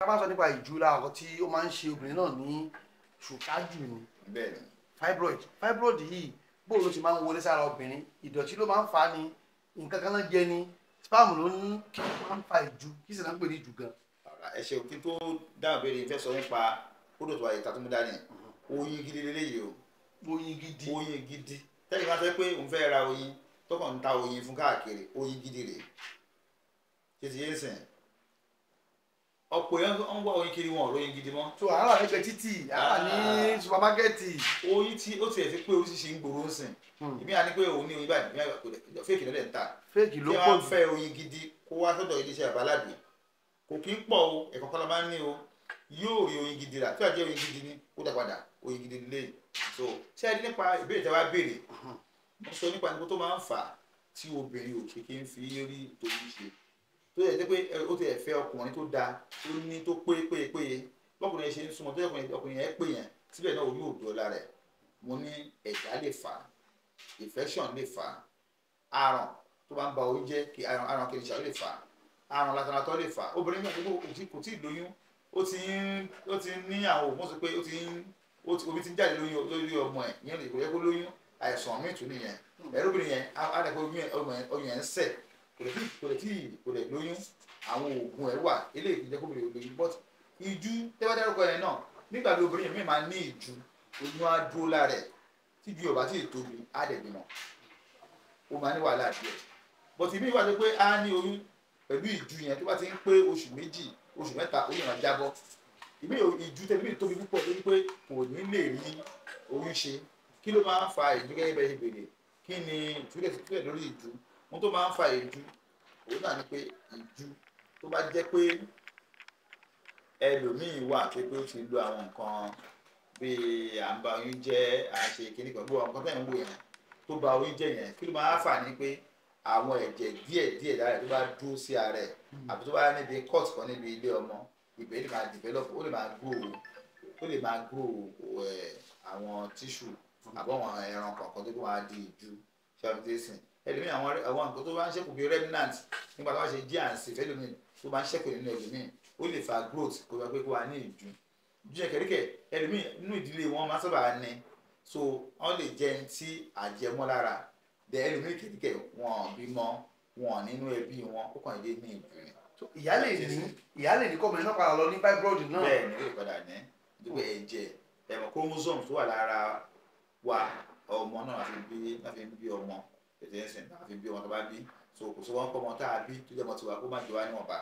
ká bá sọ nípa ìjúra ọ̀rọ̀ tí ó máa ń ṣe obìnrin náà ní ṣùkájù ni fibroid fibroid yìí bó ló ti máa ń wọlé sára obìnrin ìdọ̀tí ló máa ń fa ni nǹkan kan náà jẹ ni spam ló ń kí ló máa ń fa ìjú kí sì náà ń pè ní ìjú gan. ẹ ṣe òfin tó dáhùn béèrè ìfẹ́ sọ nípa kódò tó àyè tàtúmú dání mhm. oyin gidi lélẹ́yìí o oyin gidi oyin gidi tẹ́lẹ̀ máa fẹ́ pé òun fẹ́ ra oyin tó kàn ń ta oyin fún káàkiri oyin gidi rèé ṣe ti yé sìn ọ̀pọ̀ èèyàn ń wá oyin kiri wọn ọ̀rọ̀ yẹn gidi mọ́. tó àárọ̀ nígbà títì àárọ̀ ní ah. supamakẹ́ẹ̀tì. oyin tí o tiẹ̀ fi pé oríṣiríṣi ń gbòòrò ń sìn. Hmm. ìbí àní pé òun ní oyin báyìí ìbí àgbà fèkì lọ́dẹ̀ ń ta. fèkì ló pọ̀ jù. bí wọ́n fẹ́ oyin gidi kó wá sọ́dọ̀ iléeṣẹ́ àbáládé kò kí ń pọ̀ o ẹ̀kọ́ kọ́lá máa ń ní o yóò rí oyin gidi rà tí wàá jẹ́ oyin gidi ni kó dà padà oyin gidi lè so ṣé ẹni nípa ìbéèrè tẹ wá béèrè hmm. mo sọ nípa nípa tó máa ń fà á tí obìnrin tó yẹ pé ó ti ẹ̀fẹ́ ọkùnrin tó dáa tó ní tó pé péye péye bọ́kùnrin ṣe ń súnmọ́ tó yẹ ọkùnrin yẹn pè yẹn síbẹ̀ náà orí òdo ọ̀la rẹ̀ mo ní ẹ̀dá lè fà á infection lè fà á àrùn tó bá ń ba oyún jẹ́ kí àrùn kìnìṣà lè fà á àrùn làtàlàtọ̀ lè fà á obìnrin náà kò tí ì lóyún ó ti ń ó ti ń ní àwọn òògùn sọ pé ó ti ń omi ti ń jáde lóyún lórí ọmọ ẹ̀ yẹn kò yẹ kó lóyún àìsàn míì tún nìyẹn ẹ̀rọ kò lè tí kò lè lóyún àwọn oògùn ẹ̀ wà eléyìí ti kó bèrè lóyún but ìjú tẹ́wọ́ dárúkọ yẹn náà nígbà tí obìnrin mi máa ní ìjú oyún á dúró lára ẹ̀ tí ju ọ̀bá tí tóbi á dẹ̀ bímọ ó máa ní wàhálà díẹ̀ but ìmí ìwádìí pé á ní oyún pẹ̀lú ìjú yẹn tó bá ti ń pé oṣù méjì oṣù mẹ́ta oyún máa jábọ́ ìmí ìjú tẹ́lẹ̀ mi tóbi púpọ̀ lórí pé kò ní lè rí oyún ṣe kí ló máa ń fa ìjú gẹ́gẹ́ bẹ́ẹ̀ ṣe bèrè kí ni ìtúlẹ̀ lórí ìjú ohun tó máa ń fa ìju òun náà ni pé ìju tó bá jẹ́ pé ẹlòmíì wà pé ó ti lo àwọn nǹkan bíi à oyún jẹ́ àṣe kìnnì kan àwọn nǹkan tẹ̀ ń wò yẹn tó ba oyún jẹ́ yẹn kí ló máa fà ní pé àwọn ẹ̀jẹ̀ díẹ̀ díẹ̀ lára tó bá dúró sí ara ẹ̀ hmm. àbí tó bá níbi court kan níbi ilé ọmọ ìbẹ́ lè máa develop ó lè máa grow ó lè máa grow àwọn tissue àbọ̀ ẹran kọ̀ọ̀kan tó kó máa di ìju ṣáà fi ẹlòmíì àwọn àwọn nǹkan tó bá ń ṣẹ́kù bíi remnant nígbà tó bá ṣe díà ń sè fẹ́lòmíì tó bá ń ṣẹ́kù nínú ẹlòmíì ó lè fa growth kó wá pé kó wá ní ìdun jíjẹ kẹríkẹ ẹlòmíì nínú ìdílé wọn máa sábà ní so wọn lè jẹ ẹni tí àjẹmọ́ lára bẹ ẹlòmíì kẹríkẹ wọn bímọ wọn nínú ẹbí wọn ó kàn dé ní ìdun ni. ìyá lè ní ìyá lè ní kọ́mọ iná padà lọ ní fibroid náà. bẹ́ẹ̀ ni ó lè padà ní dùgbò ẹ̀jẹ̀ ẹ̀mọ̀ ọmọ náà láti bí ọmọ ètò ẹ̀sìn àfi bí ọmọ tó bá bí so kò sí wọn kọ́ ọmọ tá a bí tó jẹ́ ọmọ tiwa kó má jẹ wá níwọ̀nba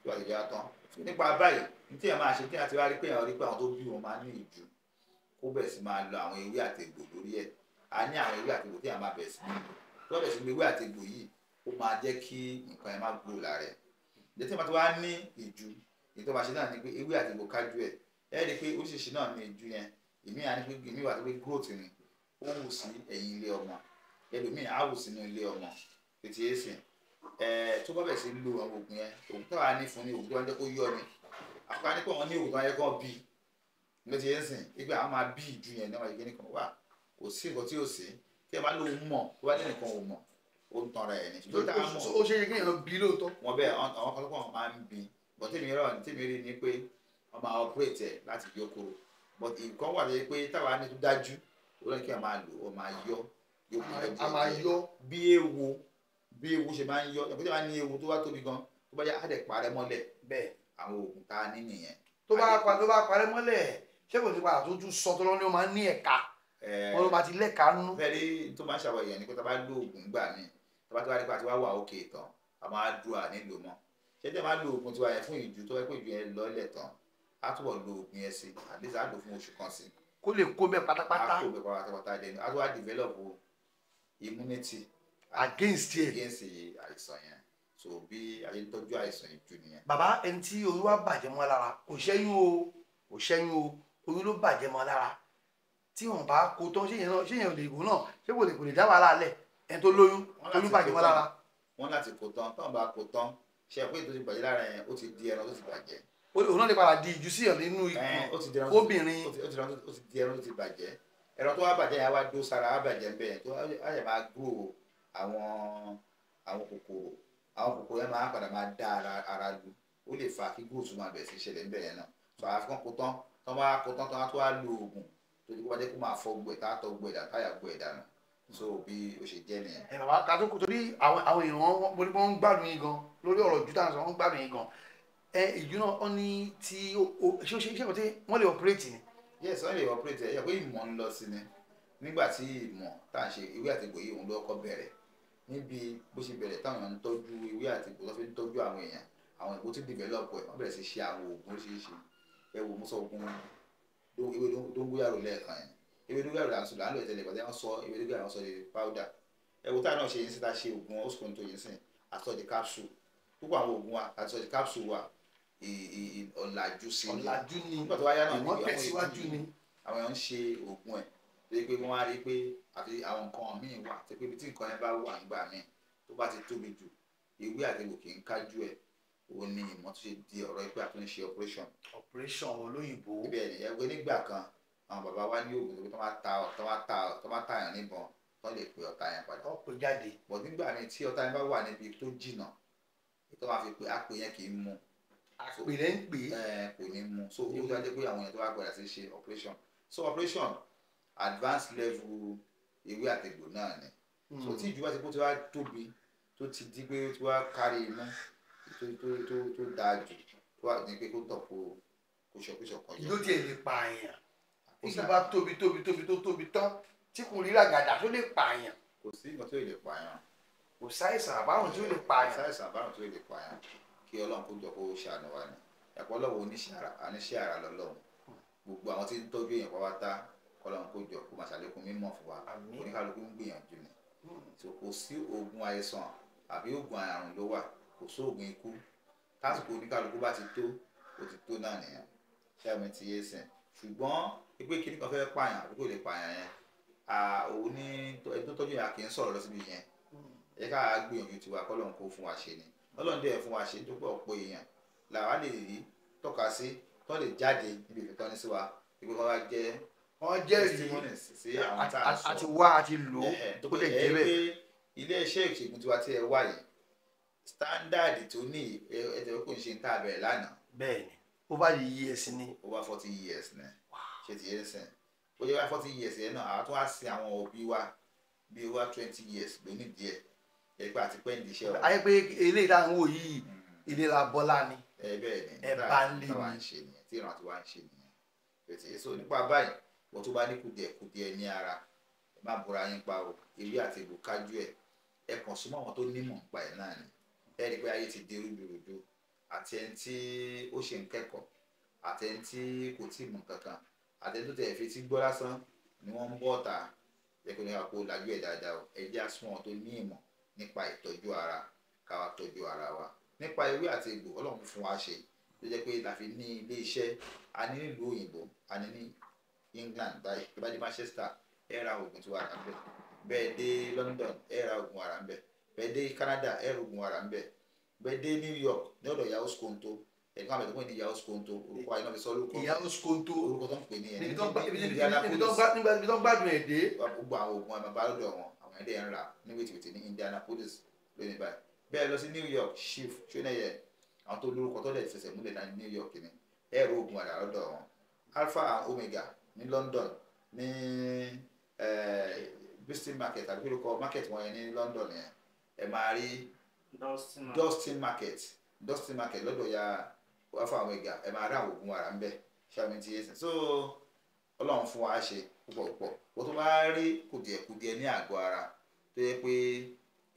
tó wà jẹjẹrẹ tán nípa báyìí ní tí ẹ máa ṣe tí a ti wá rí pé àwọn rí pé àwọn tó bí wọn máa ní ìjù kó bẹ̀ sí máa lo àwọn ewé àtẹ̀gbò lórí ẹ̀ a ní àwọn ewé àtẹ̀gbò tí a máa bẹ̀ sí ní tó bẹ̀ sí ní ewé àtẹ̀gbò yìí ó máa jẹ́ kí nǹkan ẹ̀ má gbòòrò lára ẹ̀ tí ni pé ewé àtẹ̀gbò kájú ẹ̀ ni ó wù sí ẹ̀yìn ẹlòmíì á wò sínú ilé ọmọ tètè é sìn ẹ tó bá bẹ̀ sí lo àwọn oògùn yẹn oògùn táwa ní fún ni oògùn tó wá jẹ́ kó yọ ni àkọ́kọ́ á ní pọ̀ wọ́n ní oògùn tó wá yẹ kó bí ló ti é àwọn máa bí ìju yẹn náà ìgbé nìkan wà kò sí nǹkan tí ò sí tí ẹ bá lóun mọ̀ tó bá nìkan ò mọ̀ ó ń tanra ẹ̀ ni. ó ṣe é kéèyàn bí lóòótọ́. wọn bẹ àwọn kan lọ́pọ̀ máa ń bí bọ̀ tèmi rọ tèmi rí ni pé wọ́n máa operate ẹ̀ láti yọ a máa yọ bí ewo bí ewo ṣe máa ń yọ ìyàpọ̀ tí wọ́n á ní ewo tó bá tóbi gan tó bá yá á dẹ̀ parẹ́ mọ́lẹ̀ bẹ́ẹ̀ àwọn oògùn tá a ní nìyẹn. tó bá pa tó bá parẹ́ mọ́lẹ̀ ṣé kò sí padà tó tún sọ tó o máa ń ní ẹ̀ka wọn ló máa ti lẹ́ka nínú. bẹ́ẹ̀ ni tó máa ń ṣàwọ̀ èèyàn ni pé tá a bá lo oògùn gbà mí tá a bá tó bá rí pa tí wàá wà òkè tán a máa dùn à nílò mọ́ ṣé tẹ̀ máa lo oògùn tiwa yẹn fún ìjù tó wẹ́ pé ìjù yẹn lọ́lẹ̀ tán á túbọ̀ lo oògùn yẹn sí àdéhùn á lò fún oṣù kan sí. kó lè kó mẹ́ pátápátá. á kó mẹ́ pátápátá immunity against it. against àìsàn yẹn so bí ayé tọ́jú àìsàn yẹn jù nìyẹn. bàbá ẹni tí oyún wa bàjẹ́ mọ́ lára kò ṣẹ́yún o kò ṣẹ́yún o oyún ló bàjẹ́ mọ́ lára tí wọn bá kó tán ṣé yẹn náà ṣé yẹn ò lè wò náà ṣé kò lè kò lè dá wàhálà lẹ̀ ẹni tó lóyún oyún bàjẹ́ mọ́ lára. wọn láti kó tán tán bá kó tán ṣe é pé ètò ti lára yẹn ó ti di ẹran tó ti bàjẹ́. òun náà lè padà di ìjú sí ẹ̀ nínú ikùn obìnrin. ó ti di ẹran tó ti bàjẹ́ ẹran tó wá bàjẹ́ yẹn á wá dó sára á bàjẹ́ ń bẹ̀ yẹn tó á yẹ máa gbúrò àwọn àwọn kòkòrò àwọn kòkòrò yẹn máa padà máa dá ara ara lu ó lè fa kí gúúsù máa bẹ̀rẹ̀ sí ṣẹlẹ̀ ń bẹ̀ yẹn náà tó àfikún kó tán tán bá kó tán tán á tó wá lo oògùn tó ti kó bá jẹ́ kó máa fọ gbẹ̀ tá a tọ gbẹ̀ dà táyà gbẹ̀ dànù so bí o ṣe jẹ́ nìyẹn. ẹ bàbá ká tó kó torí àwọn àwọn èèyàn mo ní wọn ń gbádùn yín gan lórí ọ̀rọ̀ jù tá à ń sọ wọn ń gbádùn yín gan ẹ ìjùnà ọ ní ti ṣé ṣé ṣé wọ́n lè operate yẹn yes wọ́n lè operate ẹ̀ yẹ pé ìmọ̀ ń lọ sí ni nígbà tí ìmọ̀ tá à ń ṣe ewé àtìgbò yìí òun ló kọ́ bẹ̀rẹ̀ níbi bó ṣe bẹ̀rẹ̀ táwọn èèyàn ń tọ́jú ewé àtìgbò tó fi ń tọ́jú àwọn èèyàn àwọn èèyàn tó develop ẹ̀ wọ́n bẹ̀rẹ̀ sí ṣe àwọn oògùn oríṣiríṣi ẹ wò mú sọ oògùn ewé dóngúyàrò lẹ́ẹ̀kan yẹn ewé dóngúyàrò làǹsọ̀ là ń lò ìtẹ̀lẹ̀ ìgbà tí wọ́n sọ ewé dóngúyàrò ọ̀làjú sí ni ọ̀làjú ni nígbà tó wáyà náà ìwọ́n tẹ̀síwájú ni àwọn èèyàn ń ṣe oògùn ẹ̀ lórí pé wọ́n á rí i pé àti àwọn nǹkan míì wà tó pé tí nǹkan yẹn bá wà nígbà míì tó bá ti tóbi jù ewé àtẹ̀wò kì í kájú ẹ̀ òun ni ìmọ̀ tó ṣe di ọ̀rọ̀ pé àtúnṣe ṣe operation. operation olóyìnbó. bẹ́ẹ̀ ni ẹgbẹ́ nígbà kan àwọn bàbá wa ní oògùn tó máa ta tó máa ta tó máa ta yàn níbọn tó lè pe ọ̀tá yẹn padà. ó pè jáde. bọ̀ nígbà míì tí ọ̀tá yẹn bá wà níbi tó jìnnà tó máa fi pe àpè yẹn kì í mú un pè lẹ́ ń pè é kò ní mu so ó dájú pé àwọn èèyàn tó wá padà sí ṣe operation so operation advanced level ewé àtẹ̀gbò náà ni so hmm. tí ìjùbá ti kó ti wá tóbi tó ti di pé tó wá kárí iná tó tó tó tó dáa jù tó wà ní pé kó tọ̀ kó kóṣọkóṣọ kan jẹ. ló tiẹ̀ lè pààyàn ìjọba tóbi tóbi tóbi tó tóbi tán tí kò rí làgàdà tó lè pààyàn. kò sí nǹkan tó lè pààyàn. kò sáìsàn àbáwọn tó lè pààyàn. kò sáìsàn àbáwọn tó lè pààyàn kí ọlọ́run kó jọ kó ṣàánú wa ni ẹ̀pọ̀ ọlọ́run oníṣẹ́ ara lọ́lọ́run hmm. gbogbo àwọn tí ń tọ́jú èèyàn pátá kọ́lọ́run kó jọ kó máa ṣàlékún mímọ̀ fún wa oníkálukú ń gbìyànjú ni hmm. kò sí oògùn àìsàn àbí oògùn àrùn ló wà kò sí oògùn ikú tásìkò oníkálukú bá ti tó ó ti tó náà nìyẹn ṣẹ́mi ti yé sìn ṣùgbọ́n pípé kí nìkan fẹ́ẹ́ pààyàn àbí kò pààyàn yẹn òun ní ni ọlọ́run dẹ̀ fún wa ṣe tó pé ọ̀pọ̀ èèyàn làwa lè rí tọ́ka sí tó lè jáde níbi ìfẹ́ tọ́ni sí wa ìgbé kan jẹ́ wọ́n jẹ́ testimonies sí àwọn tá a sọ àti wá àti lò ó kó lè jẹ́ bẹ́ẹ̀. ilé iṣẹ́ ìṣègùn tiwa tí ẹ wá yìí standard tó ní ẹ̀jẹ̀ kò ń ṣe ń tà bẹ̀rẹ̀ lánàá. bẹ́ẹ̀ni over the years ni. over forty years ni ṣe ti yẹn sẹ́yìn ó yẹ wá forty years yẹn náà àwọn tó wá sí àwọn òbí wa bíi over twenty years lónìí díẹ̀ ẹgbẹ àti pé ní iṣẹ́ wa. ayé pé eléyìí tá à ń wò yìí ìlera mm-hmm. bọ́lá ni ẹ̀bá ń lé ni tí ìran àti wá ń ṣe nìyẹn ètò èso nípa báyìí wọ́n tó bá ní kùdìẹ̀kùdìẹ̀ ní ara ẹ má bora yín pa o èrí àti ègbò kájú ẹ̀ ẹ kàn súnmọ́ àwọn tó nímọ̀ nípa ẹ̀ náà ni ẹ rí i pé ayé ti di rúdurùdu àti ẹni tí ó ṣe ń kẹ́kọ̀ọ́ àti ẹni tí kò tí ì mọ̀ kankan àti ẹni tó tẹ̀ fi tí gbọ́ lásán ni wọ́n ń bọ́ ọ̀tá ẹ kò ní àpò làjú ẹ̀ dáadáa o ẹ jẹ́ àsùnwọ̀n tó ní ìmọ̀ nípa ìtọ́jú ara ká wa tọ́jú ara wa nípa ewé àti egbò ọlọ́run fún wa ṣe tó jẹ́ pé la ní ilé iṣẹ́ a ní nílùú òyìnbó a ní ní England báyìí tó Manchester ẹ ra oògùn tí wà rà ń bẹ̀ dé London ẹ ra oògùn wà rà ń dé Canada ẹ ra oògùn wà rà ń dé New York ní ọ̀dọ̀ yahoo skonto ẹ̀ka àbẹ̀tẹ̀ wọ́n ní yahoo skonto orúkọ ayé náà fi sọ orúkọ yahoo skonto orúkọ tó ń pè ní ẹ̀ tó ń gbádùn ẹ̀ dé gbogbo àwọn oògùn ẹ̀ máa bá lọ́dọ̀ wọn ẹdẹ nra ra ní wìtìwìtì ní Indianapolis lónìí báyìí bẹ́ẹ̀ lọ New York Chief Chueneye àwọn tó lórúkọ tó lẹ̀ fẹsẹ̀ múlẹ̀ New York ni ẹ̀rọ oògùn àrà lọ́dọ̀ alfa Omega ni London ni Bristol market àti pẹ̀lú market wọn yẹn ní London yẹn ẹ Dustin market Dustin market lọ́dọ̀ ya alfa Omega ẹ máa rí àwọn oògùn so ọlọ́run fún wa ṣe púpọ̀ ó tó bá rí kùdìẹ̀kùdìẹ̀ ní àgọ́ ara tó yẹ pé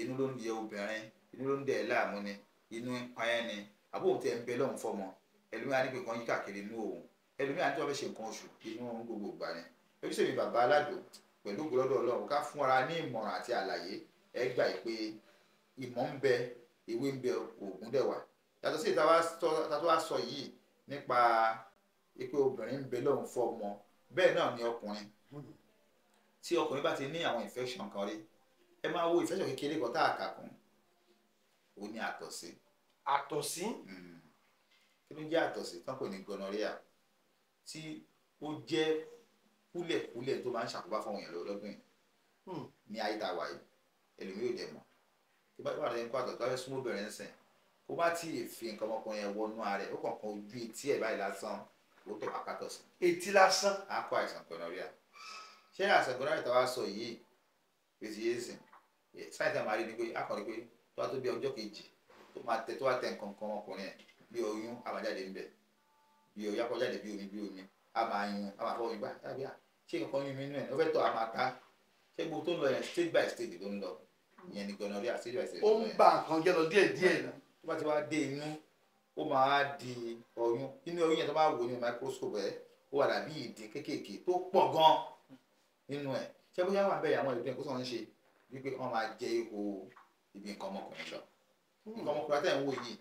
inú ló ń di obìnrin inú ló ń dẹ̀ ni inú ń pa ẹ́ ni àbúrò tẹ̀ ń bẹ lọ́hùn fọmọ ẹlòmíràn ní pé kan yí káàkiri inú òun ẹlòmíràn tí wọ́n fẹ́ ṣe nǹkan oṣù inú òun gbogbo ìgbà ni bàbá aládùn pẹ̀lú ọlọ́run ká fún ara ní ìmọ̀ràn àti àlàyé pé ìmọ̀ ń bẹ ìwé tí ọkùnrin bá ti ní àwọn infection kan rí ẹ máa wo infection kékeré kan tá a kà kún ó ní àtọ̀sí. àtọ̀sí. Hmm. kí ló ń jẹ́ àtọ̀sí tán kò ní gonorrhea tí ó jẹ́ kúlẹ̀kúlẹ̀ tó máa ń ṣàkóbá fún òyìnbó lọ́dún yìí hmm. ní ayé tá a wà yìí ẹlòmíì ò dẹ̀ mọ̀ tí bá wà lẹ́yìn kó àtọ̀ tó bá fẹ́ súnmọ́ bẹ̀rẹ̀ ń sìn kó bá tí fi nǹkan ọmọkùnrin yẹn wọnú ara rẹ̀ ó kàn kan ojú etí ẹ̀ báyìí lásán ó tọ̀ wá kátọ̀sí. etí lásán. á kó àìsàn gonorrhea ṣé àṣàgbọ́nrán ìtawà sọ yìí fèsì yéé sìn sáyẹ̀tì àmà rí ni pé akọ̀rin pé tó wá tó bí ọjọ́ kejì tó máa tẹ tó wá tẹ nǹkan kan ọkùnrin ẹ̀ bí oyún àbájáde ńbẹ bí oyún akọ̀jáde bí omi bí omi a máa yun a máa fọwọ́ ìgbà tàbí ah, ṣé nǹkan yún mi nínú ẹ̀ ló fẹ́ tọ́ a máa ta ṣé gbogbo tó ń lọ yẹn stage by stage ló ń lọ ìyẹn ni gonorrhea stage by stage. ó ń ba nǹkan jẹ́ lọ díẹ̀ díẹ̀ tó bá ti wá dé inú ó máa di oyún inú oyún yẹn tó bá wò ní microscope ẹ̀ ó wà dàbí ìdí kéékèèké tó pọ̀ gan-an nínú ẹ̀ ṣé bóyá wà bẹ́ẹ̀ àwọn ìdúnyẹ̀ kó sọ̀rọ̀ ń ṣe wípé wọ́n máa jẹ ihò ibi nǹkan ọmọkùnrin lọ hmm. nǹkan ọmọkùnrin àtẹ̀ ń wò yìí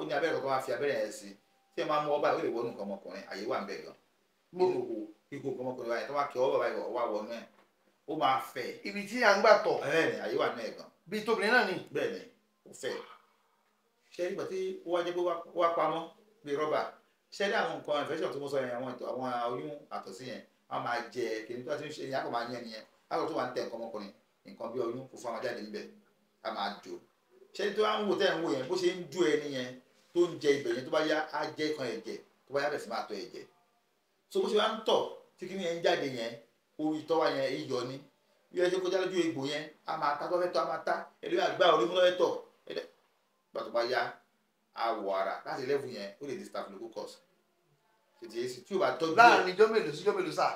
ó ní abẹ́rẹ́ tó máa fi abẹ́rẹ́ yẹn sí tí ẹ máa mú ọba ìwé ìwọ́nù nǹkan ọmọkùnrin àyè wà ń bẹ̀ hmm. nínú ihò ihò nǹkan ọmọkùnrin wa yẹn tó máa kí ọba ìwọ̀ wá wọnú ẹ̀ ó máa fẹ̀. ibi tí à ń gbà tọ̀. bẹ́ẹ̀ni àyè wà ní àwọn wọn máa jẹ kìnìún tó ti ń ṣe ìyá kò máa yẹn nìyẹn lákòótó wà ń tẹ nǹkan ọmọkùnrin nǹkan bí ọyún kò fún àwọn jáde níbẹ̀ a máa jò ṣé tó wá ń wò tẹ́ ń wò yẹn bó ṣe ń jó ẹni yẹn tó ń jẹ ibẹ̀ yẹn tó bá yá á jẹ́ kan ẹ̀jẹ̀ tó bá yá bẹ̀ sí máa tọ ẹ̀jẹ̀ so bó ṣe wá ń tọ̀ tí kìnìún yẹn ń jáde yẹn orí ìtọ́ wa yẹn iyọ̀ ni bí ẹ ṣe kọjá lójú egbò yẹn a máa ta tó fẹ́ tọ́ a máa ta ẹlẹ́yìn àgbà orí fún lọ́wọ́ tọ̀ gbàtọ́ bá yá awọ ara láti lẹ́fù yẹn ó lè di staphylococcus tètè yé si tí o bá tọ́jú ẹ̀ láàrin ijọ́ mélòó sí ijọ́ mélòó sà.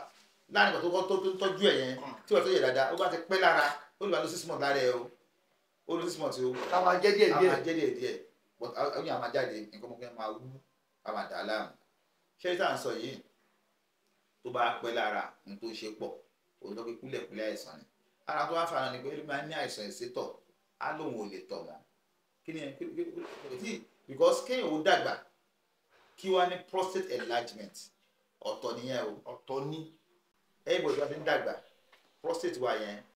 láàrin ìgbà tó kọ́ tó ń tọ́jú ẹ̀ yẹn tí o bá tọ́jú ẹ̀ dáadáa ó bá ti pẹ́ lára ó lè bá lo six months lára ẹ̀ o ó lo six months o. a máa jẹ́ díẹ̀ díẹ̀ a máa jẹ́ díẹ̀ díẹ̀ but àwọn yàrá máa jáde nǹkan ọmọkùnrin máa wú a máa dà á láàmú. ṣé tá à ń sọ yìí tó bá pẹ́ lára ohun tó ṣe pọ̀ òun lọ́ fi kúlẹ̀kúlẹ̀ àìsàn ni ara tó wá fara ni pé ó máa ní àìsàn ìsétọ̀ á lóun ò lè tọ̀ mọ́ kí ni because kí wá ní prostate enlargement ọ̀tọ̀ nìyẹn o ọ̀tọ̀ ní ẹ̀yìn bòjú àti ń dàgbà prostate wa yẹn